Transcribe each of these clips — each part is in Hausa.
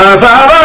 Uh, so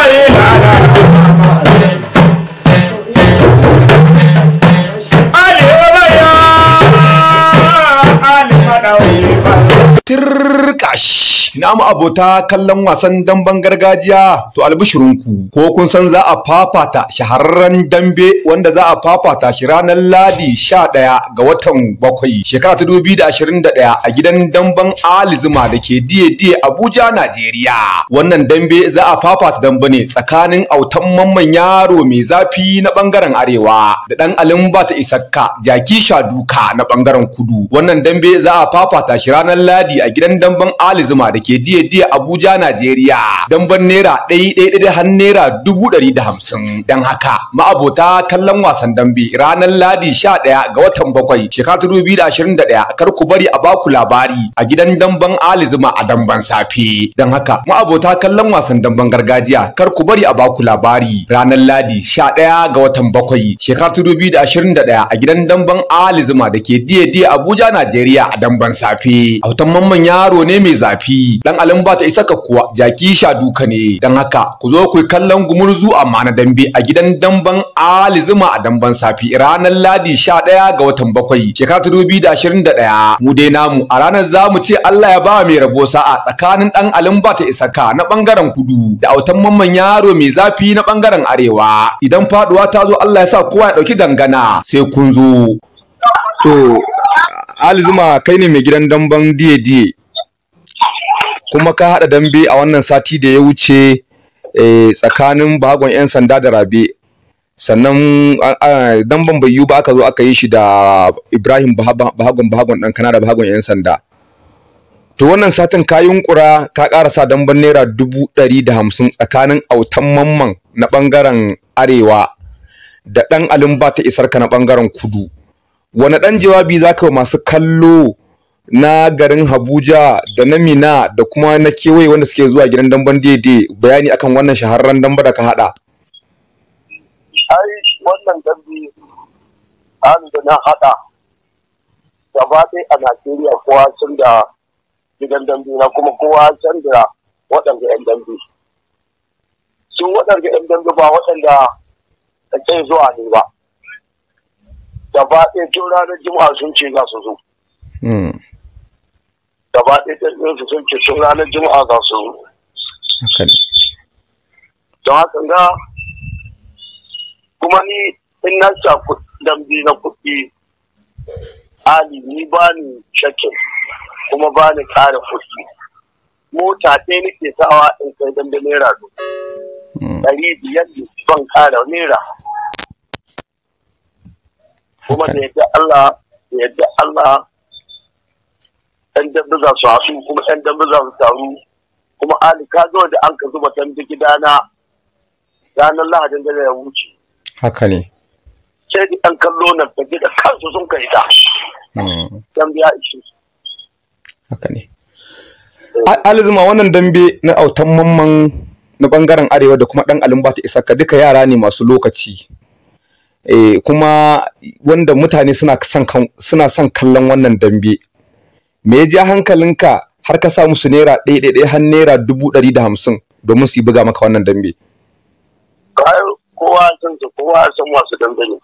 Dash. Ina mu abota kallon wasan damben gargajiya to albishirinku ko kun san za a fafata shahararren dambe wanda za a fafata shi ranar Ladi sha 11 ga watan bakwai shekara ta da 2021 a gidan damben Alizuma da ke diye diye Abuja Najeriya. Wannan dambe za a fafata dambe ne tsakanin autan mamman yaro mai zafi na bangaren arewa da dan ba ta Isakka Jaki Shaduka na bangaren kudu. Wannan dambe za a fafata shi ranar Ladi a gidan damben Ali Zuma da ke diya diya Abuja Najeriya dan ban naira ɗaya ɗaya ɗaya har naira dubu ɗari da hamsin dan haka ma'abota kallon wasan dambe ranar Ladi sha ɗaya ga watan bakwai shekara ta dubu da ashirin da ɗaya kar ku bari a baku labari a gidan damban Ali Zuma a damban safe dan haka ma'abota kallon wasan damben gargajiya kar ku bari a baku labari ranar Ladi sha ɗaya ga watan bakwai shekara ta dubu da ashirin da ɗaya a gidan damban Ali Zuma da ke diya diya Abuja Najeriya a damban safe. Autan mamman yaro ne mai mai zafi dan alin ba ta isa kuwa jaki sha duka ne dan haka ku zo ku kallon gumurzu amma na dambe a gidan damban Ali Zuma a damban safi ranar Ladi 11 ga watan bakwai shekara ta 2021 mu dai namu a ranar zamu ce Allah ya ba mai rabo sa'a tsakanin dan alin ba ta isa na bangaren kudu da autan mamman yaro mai zafi na bangaren arewa idan faduwa ta zo Allah ya sa kowa ya dauki dangana sai kun zo to Ali Zuma kai ne mai gidan damban diye diye kuma ka haɗa dambe a wannan sati da ya wuce eh, tsakanin bagon 'yan sanda da rabe sannan damben bai yiwu ba aka zo aka yi shi da ibrahim bahagon bahagon ɗan kana da bahagon 'yan sanda to wannan satin ka yunkura ka sa damben naira dubu ɗari da hamsin tsakanin autan mamman na bangaren arewa da ɗan alin ba ta ka na bangaren kudu wani ɗan jawabi za ka masu kallo na garin Habuja da na Mina da kuma na kewaye wanda suke zuwa gidan damben daidai bayani akan wannan shahararren damba da ka haɗa. Ai wannan dambe an da na haɗa gaba ɗaya a Najeriya kowa sun da gidan dambe na kuma kowa san da waɗanda 'yan dambe. Su waɗanda 'yan dambe ba waɗanda kai zuwa ne ba. Gaba ɗaya tun ranar Juma'a sun ce za su zo. Hmm. gaba ɗaya ɗin su sun sun ranar juma'a za su don haka ga kuma ni in na sa dambi na kuɗi ali ni ba ni shakin kuma ba ni ƙara kuɗi mota ɗaya nake sawa in kai dambe naira hmm. ɗari biyar ne ban ƙara naira kuma da yadda Allah da yadda Allah 'yan dambe za su hasu kuma 'yan dambe za su taru kuma ali ka zo da an ka zuba gida gidana ranar lahadin da ya wuce haka ne sai da ɗan kallo na ta gida kansu sun kai ta hmm. dambe ya ishe haka ne alizuma wannan dambe na autan mamman na bangaren arewa da kuma ɗan ta isa, ka duka yara ne masu lokaci eh, kuma wanda mutane suna son kallon wannan dambe me ya ja hankalinka har ka sa musu naira ɗaya ɗaya ɗaya har naira dubu ɗari da hamsin domin su yi buga maka wannan dambe. kowa san su kowa san wasu dambe ne.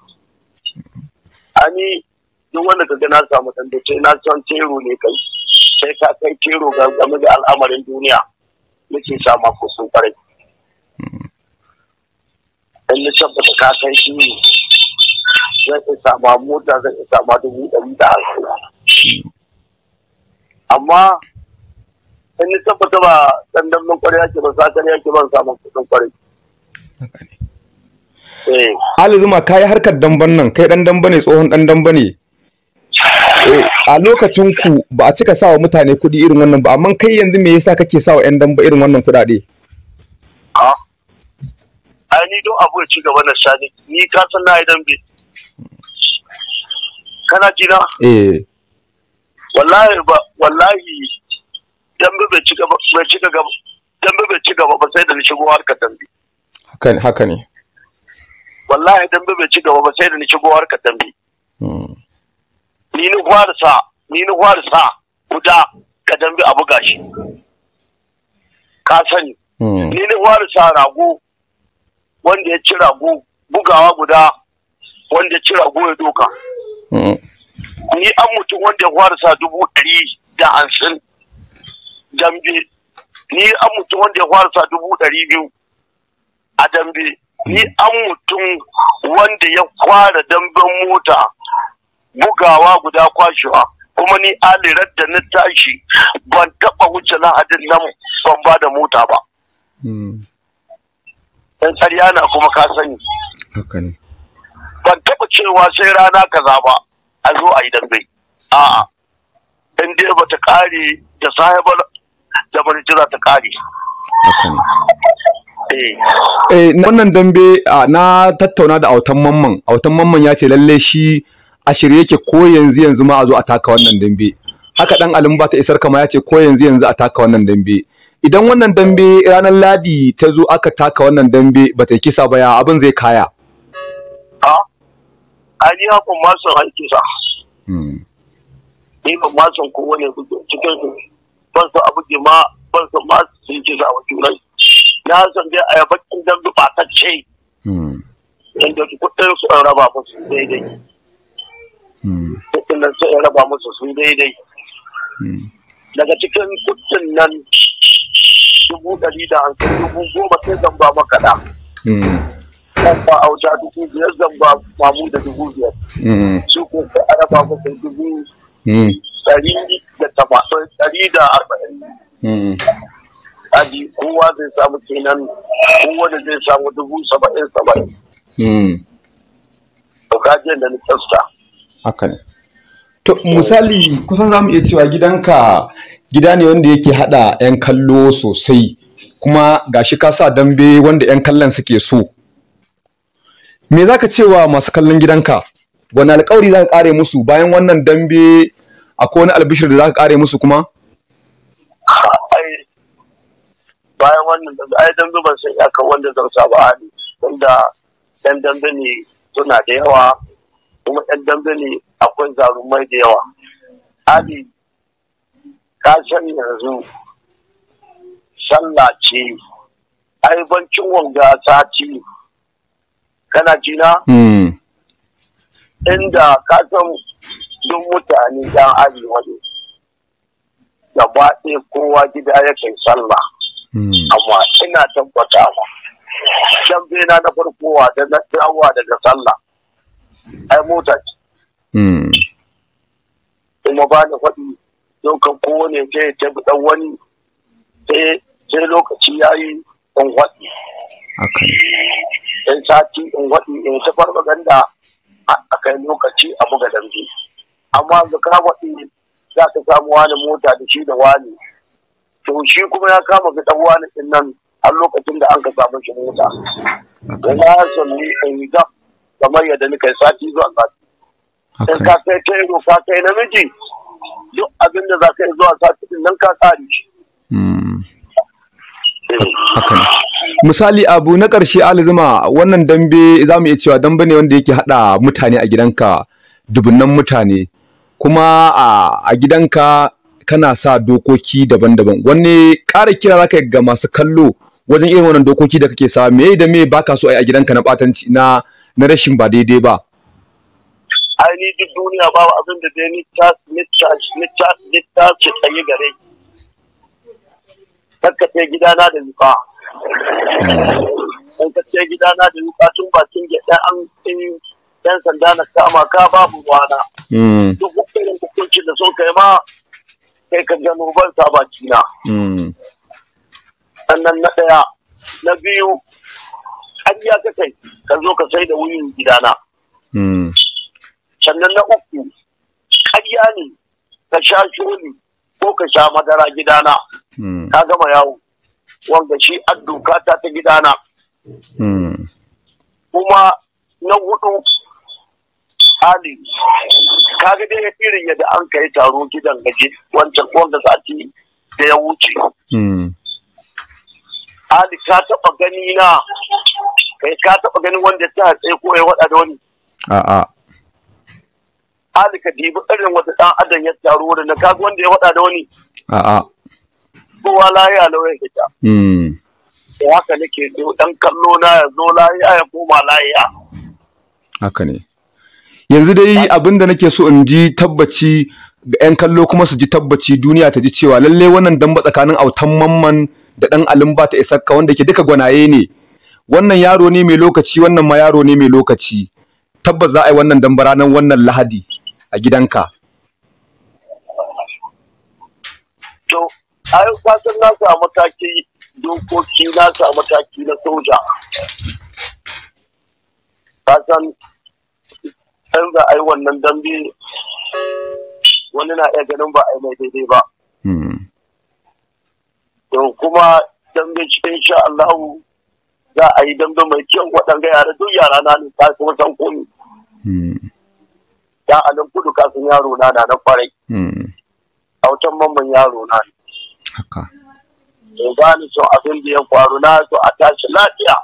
Ani duk wanda ka ga na samu dambe ce na san tero ne kai sai ka kai tero ga game da al'amarin duniya nake sama ko sun kwarai. In na tabbata ka kai shi ne zai isa ma mota zai isa ma dubu ɗari da hamsin. amma in ni tabbata ba dan dan mun kwarai yake ban sakar yake ban samun kudin kwarai eh. Ali Zuma yi harkar damban nan kai dan damba ne tsohon dan damba ne eh, a lokacin ku ba a cika sawa mutane kuɗi irin wannan ba amma kai yanzu me yasa kake sawa yan damba irin wannan kuɗaɗe A ni don abu ya ci gaba na shani ni ka san na idan bi kana jina eh wallahi ba wallahi dambe bai ci gaba bai ci gaba dambe bai ci gaba ba sai da ni shigo harkar dambe haka ne haka ne wallahi dambe bai ci gaba ba sai da ni shigo harkar dambe hmm. ni ni fara ni ni fara guda ka dambe a buga shi ka sani hmm. ni ni fara rago wanda ya ci rago bugawa guda wanda ya ci rago ya doka hmm. ni an mutum wanda ya fara sa dubu ɗari da hamsin dambe ni an mutum wanda ya fara sa dubu ɗari biyu a dambe ni an mutum wanda ya fara damben mota bugawa guda kwashewa kuma ni alirar da na tashi ban taɓa wuce lahadin nan ban ba da mota ba. Ɗan hmm. tsariya na kuma ka sani. Ban taɓa cewa sai rana kaza ba. a zo a yi dambe a'a in dai ba ta kare da sahibar da jira ta kare eh. Eh, wannan dambe na tattauna da autan mamman autan mamman ya ce lalle shi a shirye yake ko yanzu yanzu ma a zo a taka wannan dambe haka dan ba ta isar kama ya ce ko yanzu yanzu a taka wannan dambe idan wannan dambe ranar ladi ta zo aka taka wannan dambe ba ta kisa ba ya abin zai kaya ah, ani hakan ma masu aiki sa hmm. ni ban masu kowa ne wani cikin su ban su abu ke ma ban su masu sun kisa wa turai na san dai a yabakin dan duba ta ce inda hmm. su kudin su an raba musu daidai hmm. kudin nan su an raba musu sun daidai daga cikin kudin nan dubu ɗari da hankali dubu goma sai zan ba makaɗa ba auta dubu biyar zan ba mamu da dubu biyar hmm. su ko ka ana ba ku sai dubu hmm. ɗari da tamanin ɗari da arba'in hmm. aji kowa zai samu kenan kowa da zai samu dubu saba'in saba'in to kajin da nufasta. haka ne to misali kusan za mu iya cewa gidanka gida ne wanda yake hada 'yan kallo sosai kuma gashi ka sa dambe wanda 'yan kallon suke so me zaka ce wa masu kallon gidanka wani alƙawari zaka kare musu bayan wannan dambe akwai wani albishir da zaka kare musu kuma bayan wannan dambe ai dambe ban san iyakar wanda zan sa ba tunda dan dambe ne suna da yawa kuma dan dambe ne akwai zarumai da yawa Ali, ka san yanzu sallah ce ai bancin wanga sati kana jina hmm. inda ka san duk mutane yan arewa da gaba ɗaya kowa gida ya kai sallah hmm. amma ina tabbata ma can bena na farkowa da na tsawa daga sallah ai mota ce hmm. kuma ba ni faɗi dokan kowane ta yi ɗan wani sai lokaci ya yi ɗan faɗi in sati in waɗi in ta ganda a kai lokaci a buga dambe amma ga ka waɗi za ka samu wani mota da shi da wani to shi kuma ya kama ga ɗan wani ɗin nan a lokacin da an ka samu shi mota na ya sami in yi kamar yadda ni kai sati zuwa sati in ka kai ta ido, ka kai namiji duk abin za ka yi zuwa sati ɗin nan ka tsari misali abu na ƙarshe alizuma wannan dambe za mu iya cewa dambe ne wanda yake haɗa mutane a gidanka dubunnan mutane kuma a gidanka kana sa dokoki daban-daban wanne ƙara kira za ka yi ga masu kallo wajen irin wannan dokoki da kake sa me da me baka so a yi a gidanka na ɓatanci na na rashin ba daidai ba ai duk duniya babu abin da dai ni ta ni ta ni ta ni ta ce tsaye gare kakkace gidana da wuka hmm. an gidana da wuka tun bakin gyaɗa an yan sanda na kama ka babu wana hmm. duk irin hukuncin da sun kai ma sai ka gano ban sa na. Hmm. sannan na ɗaya na biyu an ya ka kai ka zo ka sai da wuyin gidana sannan na uku ƙarya ne ka sha shoni ko ka sha madara gidana hmm. ka gama yawo wanda shi an doka ta ta gidana hmm. kuma na hudu Ali kaga dai irin yadda an kai taro gidan gaji wancan wanda sati da ya wuce hmm. Ali ka taba gani na kai ka taba gani wanda ta tsaye ko ya wada da wani a'a hali ka dibi irin wata ɗan adam ya taru wurin na kaga wanda ya waɗa da wani a'a kowa lahiya lauyan hita da hmm. haka nake zo ɗan kallo na ya zo lahiya ya koma lahiya haka ne yanzu dai abin da nake so in ji tabbaci ga 'yan kallo kuma su ji tabbaci duniya ta ji cewa lalle wannan damba tsakanin autan mamman da ɗan alimba ta isakka wanda ke duka gwanaye ne wannan yaro ne mai lokaci wannan ma yaro ne mai lokaci tabbas za a yi wannan damba ranar wannan lahadi a gidanka to yi kwasan nasu a mataki dokoki na a mataki na soja kasan ɗan za a yi wannan dambe wani na iya ganin ba a yi mai daidai ba. Hmm. To, kuma dambe cikin sha Allahu za a yi dambe mai kyau waɗanda yara duk yara na ne ta kuma san komi. Hmm. da alin kudu kasan yaro na na kwarai hmm. a wutan mamman yaro na haka ne gani so abin da ya faru na so a tashi lafiya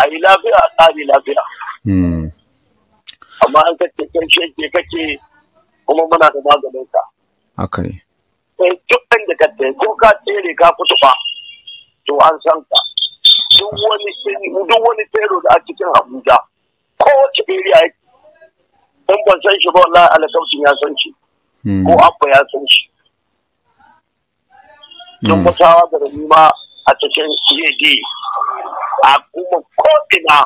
a yi lafiya a tsari lafiya hmm. amma an kace karshe ke kake kuma muna da maganin ka haka ne sai dukkan da ka tsaye ko ka tsere ka fito ba to an san ka duk wani tsero da a cikin Abuja ko wace a yake dan ban san shi ba wallahi alakausin ya san shi hmm. ko abba ya san shi don kwatawa da ma a cikin cad a kuma ko'ina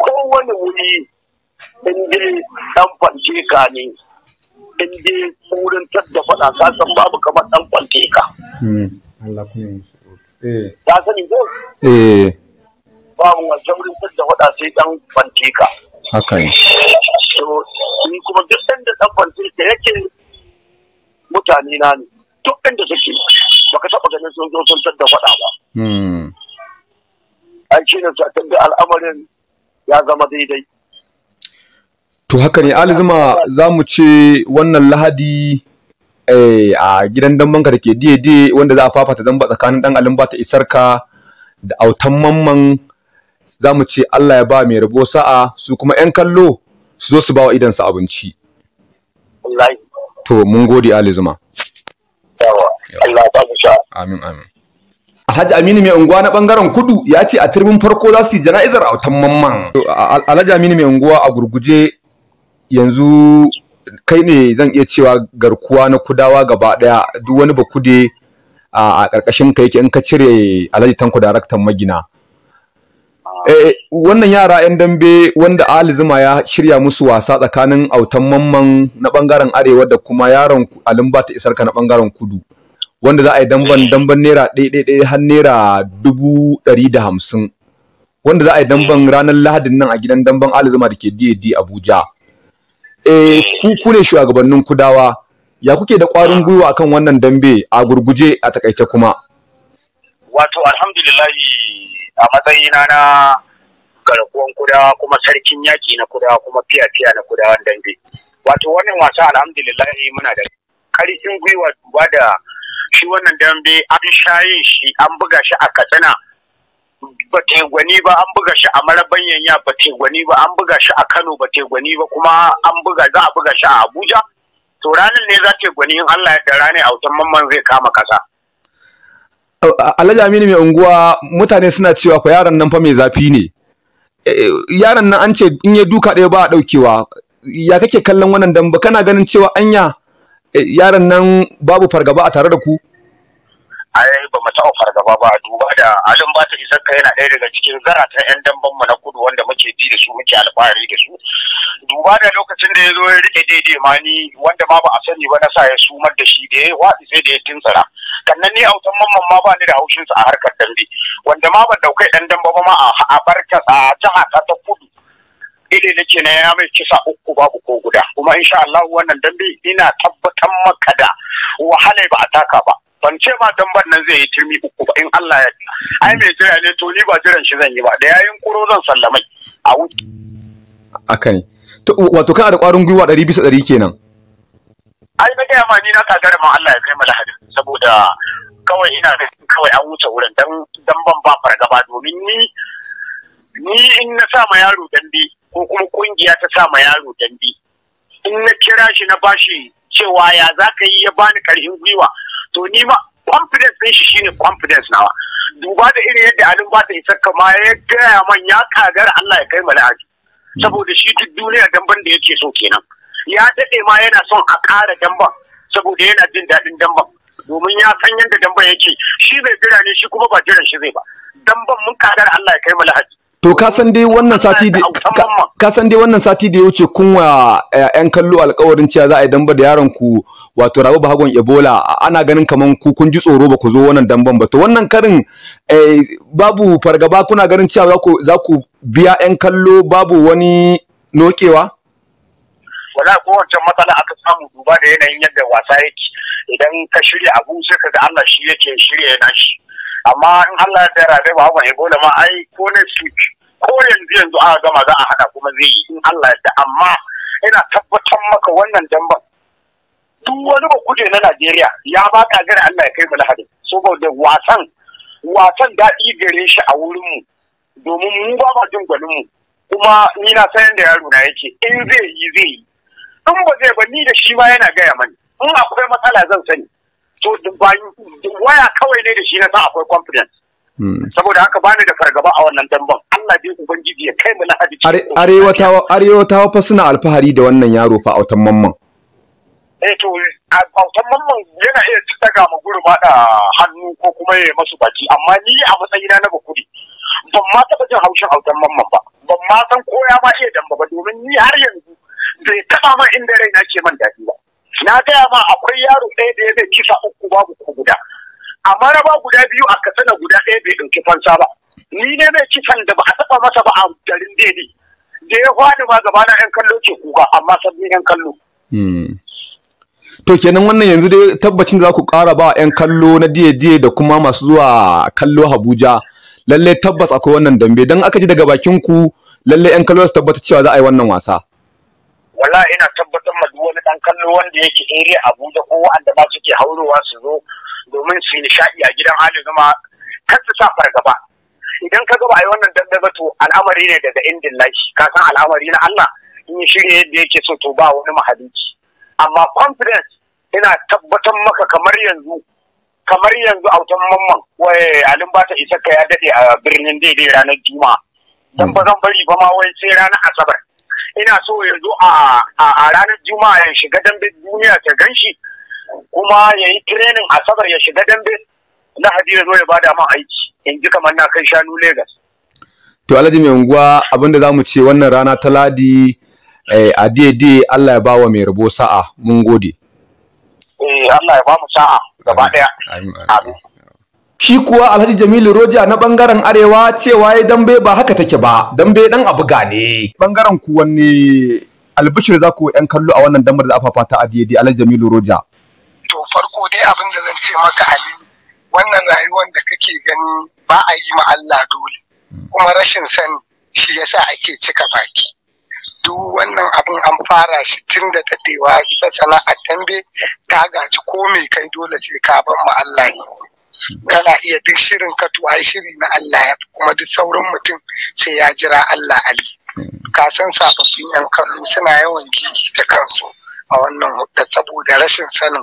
kowane wuri in dai dan fance ka ne in dai wurin tadda faɗa ka san babu kamar dan fance hmm. eh. ka. Ta sani ko? Eh. Babu wancan wurin tadda faɗa sai dan fance ka. haka ne ni kuma duk inda dan fantirka yake mutane na ne duk da suke baka taba ganin sun zo sun tadda faɗa ba hmm. ai shi ne da al'amarin ya zama daidai To haka ne alizuma za mu ce wannan lahadi eh, a gidan ka da ke diye wanda za a fafata damba tsakanin dan alimba ta isarka da autan mamman za mu ce Allah ya ba mai rabo sa'a su kuma 'yan kallo su zo su ba wa idansa abinci. To mun gode Ali Zuma. Amin amin. Alhaji Aminu mai unguwa na ɓangaren kudu ya ce a turbin farko za su yi jana'izar a wutan mamman. Alhaji Aminu mai unguwa a gurguje yanzu kai ne zan iya cewa garkuwa na kudawa gaba ɗaya duk wani bakude a ƙarƙashin ka yake in ka cire Alhaji Tanko daraktan magina. Eh, wannan yara 'yan dambe wanda Ali Zuma ya shirya musu wasa tsakanin autan mamman na bangaren arewa da kuma yaron Alumba ta isarka na bangaren kudu wanda za a yi damban damban naira ɗaya har naira dubu ɗari da hamsin wanda za a yi damban ranar lahadin nan a gidan damban Ali Zuma da ke DAD Abuja. Eh, ku ku ne shugabannin kudawa ya kuke da ƙwarin gwiwa akan wannan dambe a gurguje a takaice kuma. Wato alhamdulillahi a matsayina na garkuwan kuda kuma sarkin yaki na kudawa kuma fiya-fiya na kuda dambe wato wannan wasa alhamdulillah muna da karfin gwiwa duba da shi wannan dambe an shaye shi an buga shi a katsina ba gwani ba an buga shi a marabanyan yanya ba gwani ba an buga shi a kano ba gwani ba kuma an buga za a buga shi a abuja to ranar ne za ta gwani in allah ya da ranar autan mamman zai kama kasa Alhaji Aminu mai unguwa mutane suna cewa fa yaron nan fa mai zafi ne eh, eh, yaron nan an ce in ya duka ɗaya ba a ɗaukewa ya kake kallon wannan ba kana ganin cewa anya eh, yaron nan babu fargaba a tare da ku ai ba mu taɓa fargaba ba duba da alin ba ta isar ka yana ɗaya daga cikin zaratan yan damban mu na kudu wanda muke bi da su muke alfahari da su duba da lokacin da ya zo ya rike daidai ma ni wanda ma ba a sani ba na sa ya sumar da shi da ya waɗi sai da ya tintsara sannan ni autan mamman ma ba ni da haushinsa a harkar dambe wanda ma ban daukai dan damba ba ma a barka a jiha ta ta kudu ile nake na ya mai kisa uku babu ko guda kuma insha Allah wannan dambe ina tabbatar maka da wahala ba a taka ba ban ce ma damban nan zai yi turmi uku ba in Allah ya ai mai jira ne to ni ba jiran shi zan yi ba da yayin kuro zan sallamai a wuce akan ne wato kana da kwarin gwiwa 100 bisa 100 kenan ai na gaya ma ni na kagara ma Allah ya kai lahadi saboda kawai ina kawai an wuce wurin dan dan ban ba fargaba domin ni ni in na sa ma yaro dambe ko kuma kungiya ta sa ma yaro dambe in na kira shi na bashi cewa ya za yi ya bani karhin gwiwa to ni ma confidence din shi shine confidence nawa duba da irin yadda alin ba ta isa kama ya gaya man ya kagar Allah ya kai lahadi saboda shi duk duniya ban da yake so kenan ya daɗe ma yana son a ƙara damban saboda yana jin daɗin damban domin ya san yadda damban yake shi bai jira ne shi kuma ba jiran shi zai ba damban mun kadar Allah ya kai mu lahaji to ka san dai wannan sati da ka san dai wannan sati da ya wuce kun wa eh, ƴan kallo alƙawarin cewa za a yi damba da yaron ku wato Rabu Bahagon Ebola ana ganin kaman ku kun ji tsoro ba ku zo wannan damban ba to wannan karin eh, babu fargaba kuna ganin cewa za ku biya ƴan kallo babu wani nokewa wala kowace wancan matsala aka samu duba da yanayin yadda wasa yake idan ka shirya abu sai ka ga Allah shi yake shirya na shi amma in Allah ya tsara dai ba Ebola ma ai ko ne ko yanzu yanzu aka gama za a hada kuma zai yi in Allah ya amma ina tabbatar maka wannan damban duk wani ba kuje na Najeriya ya ba gari Allah ya kai mu lahadi saboda wasan wasan daɗi gare shi a wurinmu domin mu ba ma jin mu kuma ni na san yadda yaro na yake in zai yi zai yi in ba zai ba ni da shi ma yana gaya mani in akwai matsala zan sani to waya kawai ne da shi na sa akwai confidence hmm. saboda haka bani da fargaba a wannan damban Allah bai ubangiji ya kai mu lahadi arewatawa arewatawa fa suna alfahari da wannan yaro fa autan mamman eh to autan mamman yana iya daga ma gurma da hannu ko kuma ya masu baki amma ni a matsayina na bakuri ban ma taɓa jin haushin autan mamman ba ban ma san ko ma iya damba ba domin ni har yanzu bai taba ma inda rai na ke man daɗi ba na gaya ma akwai yaro ɗaya da ya zai kisa uku babu ko guda amma raba guda biyu a na guda ɗaya bai ɗauki fansa ba ni ne mai kisan da ba a taba masa ba a garin daidai da ya faɗi ma gaba na yan kallo ke kuka amma sabbin yan kallo hmm. to kenan wannan yanzu dai tabbacin da za ku ƙara ba 'yan kallo na diye-diye da kuma masu zuwa kallo Abuja lallai tabbas akwai wannan dambe don aka ji daga bakin ku lallai 'yan kallo su tabbata cewa za a yi wannan wasa wala ina tabbatar ma duk wani dan kallo wanda yake area Abuja ko wanda ba suke haurowa su zo domin su yi nishaɗi a gidan hali zama kar su sa fargaba idan ka ga ba yi wannan dandaga to al'amari ne daga indin lashi ka san al'amari na Allah in shirye shirya yadda yake so to ba wani mahalici amma confidence ina tabbatar maka kamar yanzu kamar yanzu autan mamman wai alin ba ta isa ka ya dade a birnin daidai ranar juma'a dan ba zan bari ba ma wai sai ranar asabar ina so yanzu zo a ranar juma'a ya shiga dambe duniya ta ganshi kuma ya yi a asabar ya shiga dambe lahadi ya zo ya bada man aiki in ji kamar na kai shanu Legas. to alhaji mai unguwa abinda za mu ce wannan rana ta ladi eh, a daidai allah ya bawa mai rabo sa'a mun gode eh allah ya ba mu sa'a gaba daya shi kuwa alhaji jamilu roja na bangaren arewa cewa ya dambe ba haka take ba dambe dan abu ne bangaren ku wanne albishir za ku yan kallo a wannan dambar da afafa ta adiyadi alhaji jamilu roja to farko dai abin da zan ce maka ali wannan rayuwar da kake gani ba a yi ma Allah dole kuma rashin sani shi yasa ake cika baki duk wannan abin an fara shi tun da dadewa ita sana'ar dambe ta gaji ko mai kai dole sai ka bar mu Allah ne kana iya duk shirin ka to ai shiri na Allah ya kuma duk saurin mutum sai ya jira Allah ali ka san sababbin yan kallo suna yawan jiki da kansu a wannan hudda saboda rashin sanin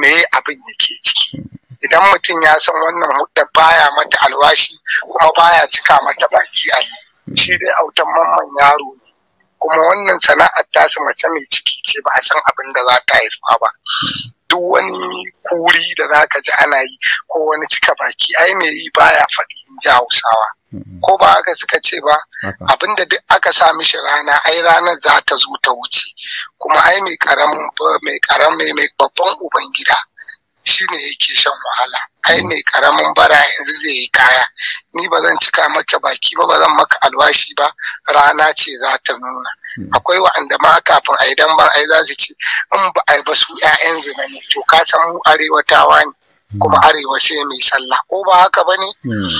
me abin yake ciki idan mutum ya san wannan hudda baya mata alwashi kuma baya cika mata baki a shi dai autan mamman yaro kuma wannan sana'ar tasu mace mai ciki ce ba a san abin da za ta haifa ba duk wani kuri da za ka ji ana yi ko wani cika baki ai mai yi baya faɗi in ji hausawa mm-hmm. ko ba haka suka ce ba abin da duk aka sa mishi rana ai ranar za ta zo ta wuce kuma ai mai karamin mai babban ubangida shi ne yake shan wahala ai mai karamin bara yanzu zai yi kaya ni ba zan cika maka baki ba ba zan maka alwashi ba rana ce za ta nuna hmm. akwai wa'anda ma kafin a idan ban ai za su ce in ba ai ba su ƴaƴan zinani to ka san mu arewatawa ne hmm. kuma arewa sai mai sallah ko ba haka ba ne hmm.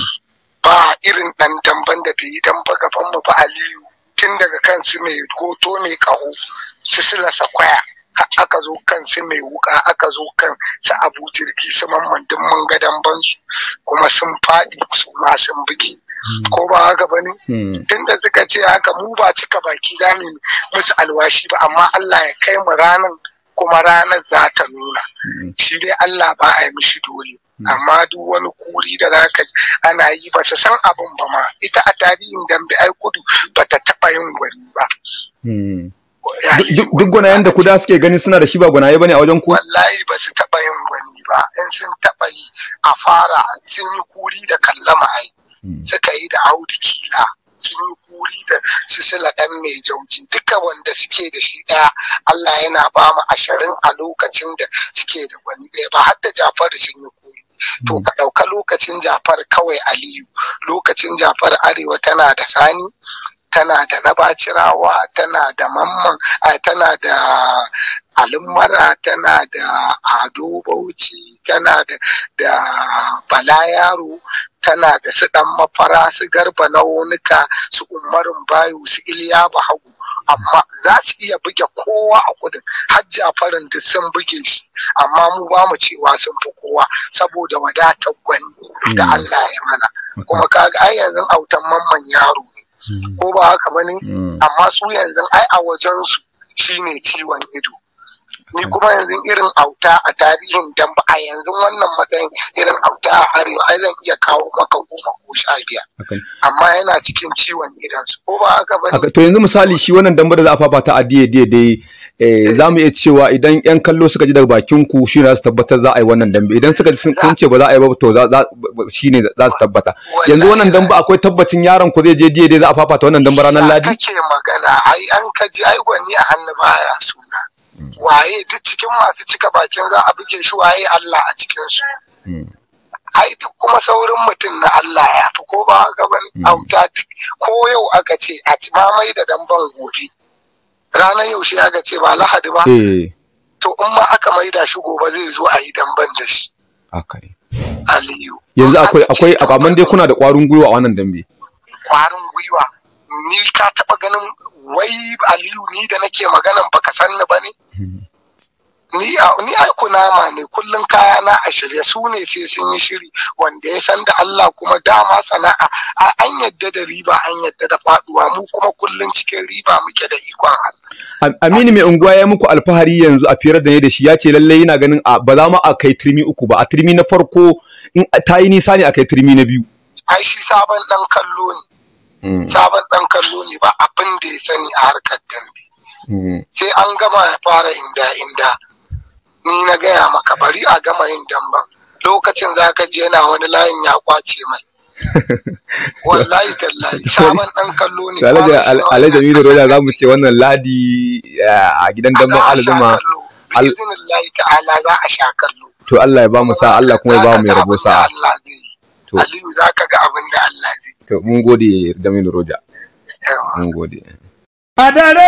ba irin ɗan damban da bai yi ba gaban mu ba aliyu tun daga kansu mai hoto mai kaho su silasa kwaya aka zo kan su mai wuka aka zo kan su abu jirgi su mamman duk mun gadon bansu kuma sun faɗi su ma sun bugi hmm. ko ba haka ba ne hmm. Tunda suka ce haka mu ba cika baki za mu musu alwashi ba amma Allah ya kai mu ranan kuma ranar za ta nuna hmm. shi dai Allah ba a yi mishi dole amma duk wani kuri da za ka ana yi ba su san abin ba ma ita a tarihin dambe ai kudu ba ta taɓa yin gwani ba duk gwana da kuda suke gani suna da shi ba gwanaye bane a wajen ku wallahi ba su taba yin gwani ba in sun taba yi a fara sun yi kuri da kallama ai hmm. suka yi da audukila, kila sun yi kuri da sisila dan mai jauji duka wanda suke da shi daya Allah yana ba mu ashirin a lokacin da suke da gwani daya ba har Jafar Jafaru sun yi kuri to hmm. ka ɗauka lokacin jafar kawai aliyu lokacin jafar arewa tana da sani tana da nabacirawa tana da mamman tana da alummara tana da ado bauchi tana da bala yaro tana da su dan mafara su garba na wunuka su umarin bayu su iliya hagu amma za su iya buge kowa a kudin hajja farin duk sun buge shi amma mu ba mu cewa sun fi kowa saboda wadatar gwani da hmm. Allah ya mana kuma kaga ai yanzu autan mamman yaro ne Hmm. ko ba haka bane hmm. amma su yanzu ai a wajen su shine ciwon ido ni hmm. kuma yanzu irin auta a tarihin dan a yanzu wannan matsayin irin auta a arewa ai zan iya kawo maka goma ko sha biyar amma yana cikin ciwon gidansu ko ba haka bane to yanzu misali shi wannan damba da za a fafata a diye diye dai Eh, za mu iya cewa idan yan kallo suka ji daga bakin ku shi ne za su tabbatar za a yi wannan dambe idan suka ji sun ce ba za a yi ba to shi ne za su tabbata yanzu wannan dambe akwai tabbacin yaron ku zai je diye dai za a fafata wannan dambe ranar ladi kake magana ai an ka ji ai gwani a hannu baya suna hmm. waye duk cikin masu cika bakin za a buge shi waye Allah a cikin su hmm. ai duk kuma saurin mutum na Allah ya fi ko ba ga ban hmm. auta duk ko yau aka ce a ci mamai da damban gobe ranar yaushe aka ce ba lahadi ba eh. to in ma aka maida shi gobe zai zo a yi dan ban da shi aliyu yanzu akwai akwai amma dai kuna da kwarin gwiwa a wannan dambe kwarin gwiwa ni ka taba ganin wai aliyu ni da nake maganan baka san ni bane hmm. ni ai kunama ne kullum kaya na a shirya su ne sai sun yi shiri wanda ya san da Allah kuma dama sana'a an yadda da riba an yadda da faduwa mu kuma kullum cikin riba muke da ikon Allah Aminu mai unguwa ya muku alfahari yanzu a firar da ne da shi ya ce lallai yana ganin ba za mu a kai turmi uku ba a turmi na farko in ta yi nisa ne a kai turmi na biyu ai shi sabon dan kallo ne hmm. sabon dan kallo ne ba abin da ya sani a harkar dambe hmm. sai an gama ya fara inda inda ni na gaya maka bari a gama yin damban lokacin za ka je yana wani layin ya kwace mai wallahi tallahi sabon dan kallo ne alaja mi da roja za mu ce wannan ladi eh, a gidan damban alzuma biznillahi ta'ala za a sha kallo to Allah ya ba mu sa'a Allah kuma ya ba mu ya rabo sa'a to Aliyu za ka ga abin da Allah zai to mun gode Jamilu Roja mun gode adare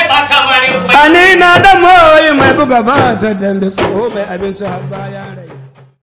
ni na da mai buga ba ta dambe tsoho mai abinci har bayan